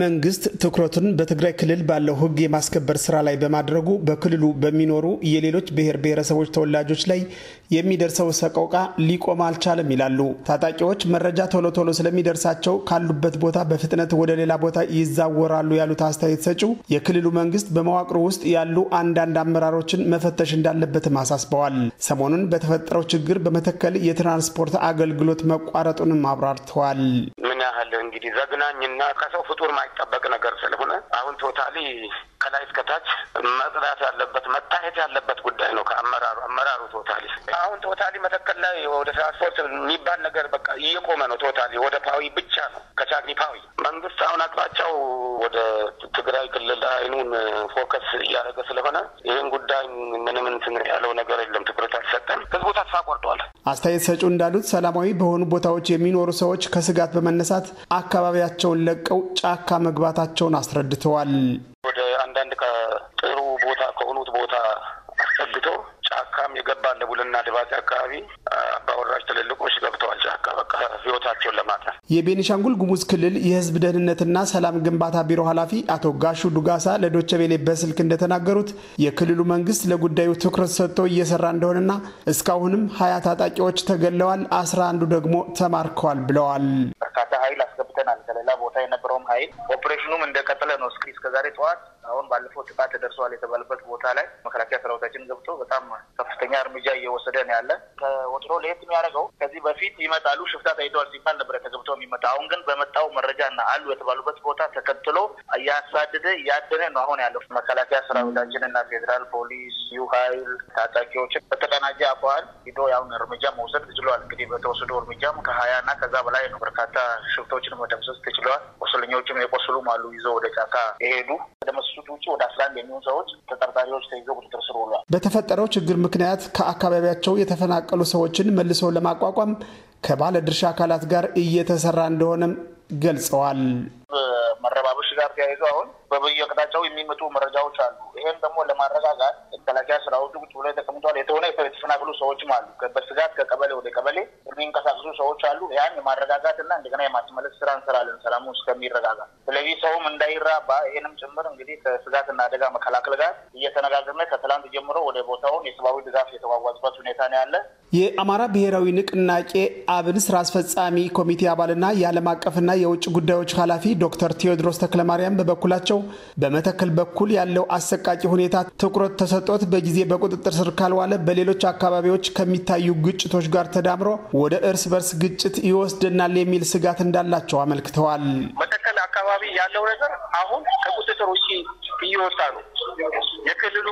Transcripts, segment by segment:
መንግስት ትኩረቱን በትግራይ ክልል ባለው ህግ የማስከበር ስራ ላይ በማድረጉ በክልሉ በሚኖሩ የሌሎች ብሔር ብሔረሰቦች ተወላጆች ላይ የሚደርሰው ሰቆቃ ሊቆም አልቻለም ይላሉ። ታጣቂዎች መረጃ ቶሎ ቶሎ ስለሚደርሳቸው ካሉበት ቦታ በፍጥነት ወደ ሌላ ቦታ ይዛወራሉ ያሉት አስተያየት ሰጪው የክልሉ መንግስት በመዋቅሩ ውስጥ ያሉ አንዳንድ አመራሮችን መፈተሽ እንዳለበትም አሳስበዋል። ሰሞኑን በተፈጠረው ችግር በመተከል የትራንስፖርት አገልግሎት መቋረጡንም አብራርተዋል። ያለው እንግዲህ ዘግናኝና ከሰው ፍጡር ማይጠበቅ ነገር ስለሆነ አሁን ቶታሊ ከላይ እስከታች መጽዳት ያለበት መታየት ያለበት ጉዳይ ነው። ከአመራሩ አመራሩ ቶታሊ አሁን ቶታሊ መተከል ላይ ወደ ትራንስፖርት የሚባል ነገር በቃ እየቆመ ነው። ቶታሊ ወደ ፓዊ ብቻ ነው። ከቻግኒ ፓዊ መንግስት አሁን አቅጣጫው ወደ ትግራይ ክልል አይኑን ፎከስ እያደረገ ስለሆነ ይህን ጉዳይ ምንም እንትን ያለው ነገር የለም። ትኩረት አልሰጠም። ህዝቡ ተስፋ ቆር አስተያየት ሰጪው እንዳሉት ሰላማዊ በሆኑ ቦታዎች የሚኖሩ ሰዎች ከስጋት በመነሳት አካባቢያቸውን ለቀው ጫካ መግባታቸውን አስረድተዋል። ወደ አንዳንድ ከጥሩ ቦታ ከሆኑት ቦታ አስጠግቶ ጫካም የገባ አለ። ቡልና ድባጤ አካባቢ አባወራዎች ትልልቆች ገብተዋል ጫካ በቃ ህይወታቸውን ለማጥፋት። የቤኒሻንጉል ጉሙዝ ክልል የህዝብ ደህንነትና ሰላም ግንባታ ቢሮ ኃላፊ አቶ ጋሹ ዱጋሳ ለዶቸ በስልክ እንደተናገሩት የክልሉ መንግስት ለጉዳዩ ትኩረት ሰጥቶ እየሰራ እንደሆነና እስካሁንም ሀያ ታጣቂዎች ተገለዋል፣ አስራ አንዱ ደግሞ ተማርከዋል ብለዋል። በርካታ ሀይል አስገብተናል። ከሌላ ቦታ የነበረውም ሀይል ኦፕሬሽኑም እንደቀጠለ ነው። እስከ ጠዋት አሁን ባለፈው ጥቃት ተደርሰዋል የተባለበት ቦታ ላይ መከላከያ ሰራዊታችን ገብቶ በጣም ከፍተኛ እርምጃ እየወሰደ ነው ያለ። ከወትሮ ለየት የሚያደርገው ከዚህ በፊት ይመጣሉ ሽፍታ ታይተዋል ሲባል ነበረ ተገብቶ የሚመጣ አሁን ግን በመጣው መረጃና አሉ የተባሉበት ቦታ ተከትሎ እያሳደደ እያደነ ነው አሁን ያለው መከላከያ ሰራዊታችን እና ፌዴራል ፖሊስ ዩ ሀይል ታጣቂዎችን በተቀናጀ አኳኋን ሂዶ ያሁን እርምጃ መውሰድ ችሏል። እንግዲህ በተወሰዱ እርምጃም ከሀያ እና ከዛ በላይ ነው በርካታ ሽፍቶችን መደምሰስ ተችለዋል። ቆስለኞችም የቆስሉም አሉ ይዞ ወደ ጫካ የሄዱ ወደ መስጅድ ውጭ ወደ አስራ አንድ የሚሆኑ ሰዎች ተጠርጣሪዎች ተይዘው ቁጥጥር ስር ውሏል። በተፈጠረው ችግር ምክንያት ከአካባቢያቸው የተፈናቀሉ ሰዎችን መልሰው ለማቋቋም ከባለ ድርሻ አካላት ጋር እየተሰራ እንደሆነም ገልጸዋል። መረባበሽ ጋር ተያይዞ አሁን በየአቅጣጫው የሚመጡ መረጃዎች አሉ። ይሄም ደግሞ ለማረጋጋት መከላከያ ስራዎቹ ቁጭ ብሎ ተቀምጧል። የተሆነ የተፈናቀሉ ሰዎችም አሉ። በስጋት ከቀበሌ ወደ ቀበሌ የሚንቀሳቀሱ ሰዎች አሉ። ያን የማረጋጋት እና እንደገና የማስመለስ ስራ እንሰራለን፣ ሰላሙ እስከሚረጋጋ። ስለዚህ ሰውም እንዳይራባ ይህንም ጭምር እንግዲህ ከስጋት እና አደጋ መከላከል ጋር እየተነጋገርን ከትላንት ጀምሮ ወደ ቦታውን የሰብአዊ ድጋፍ የተጓጓዝበት ሁኔታ ነው ያለ የአማራ ብሔራዊ ንቅናቄ አብን ስራ አስፈጻሚ ኮሚቴ አባልና የዓለም አቀፍና የውጭ ጉዳዮች ኃላፊ ዶክተር ቴዎድሮስ ተክለማርያም በበኩላቸው በመተከል በኩል ያለው አሰቃቂ ሁኔታ ትኩረት ተሰጥቶት በጊዜ በቁጥጥር ስር ካልዋለ በሌሎች አካባቢዎች ከሚታዩ ግጭቶች ጋር ተዳምሮ ወደ እርስ በርስ ግጭት ይወስደናል የሚል ስጋት እንዳላቸው አመልክተዋል። ያለው ነገር አሁን ከቁጥጥር ውጭ እየወጣ ነው። የክልሉ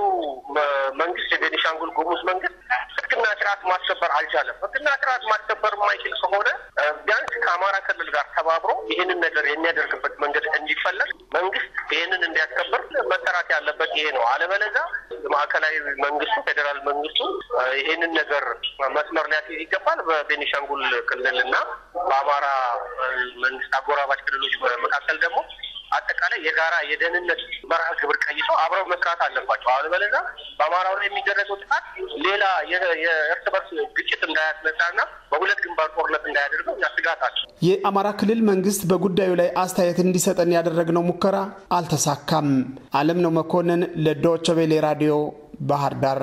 መንግስት፣ የቤኒሻንጉል ጉሙዝ መንግስት ህግና ስርዓት ማስከበር አልቻለም። ህግና ስርዓት ማስከበር የማይችል ከሆነ ቢያንስ ከአማራ ክልል ጋር ተባብሮ ይህንን ነገር የሚያደርግበት መንገድ እንዲፈለግ ይሄ ነው። አለበለዚያ ማዕከላዊ መንግስቱ ፌዴራል መንግስቱ ይህንን ነገር መስመር ሊያስይዝ ይገባል። በቤኒሻንጉል ክልል እና በአማራ መንግስት አጎራባች ክልሎች መካከል ደግሞ አጠቃላይ የጋራ የደህንነት መርሃ ግብር ቀይሰው አብረው መስራት አለባቸው። አለበለዚያ በአማራው ላይ የሚደረገው ጥቃት ሌላ የእርስ በርስ ግጭት እንዳያስነሳና በሁለት ግንባር ጦርነት እንዳያደርገው ያስጋታቸው። የአማራ ክልል መንግስት በጉዳዩ ላይ አስተያየት እንዲሰጠን ያደረግነው ሙከራ አልተሳካም። አለም ነው መኮንን ለዶቸቤሌ ራዲዮ ባህር ዳር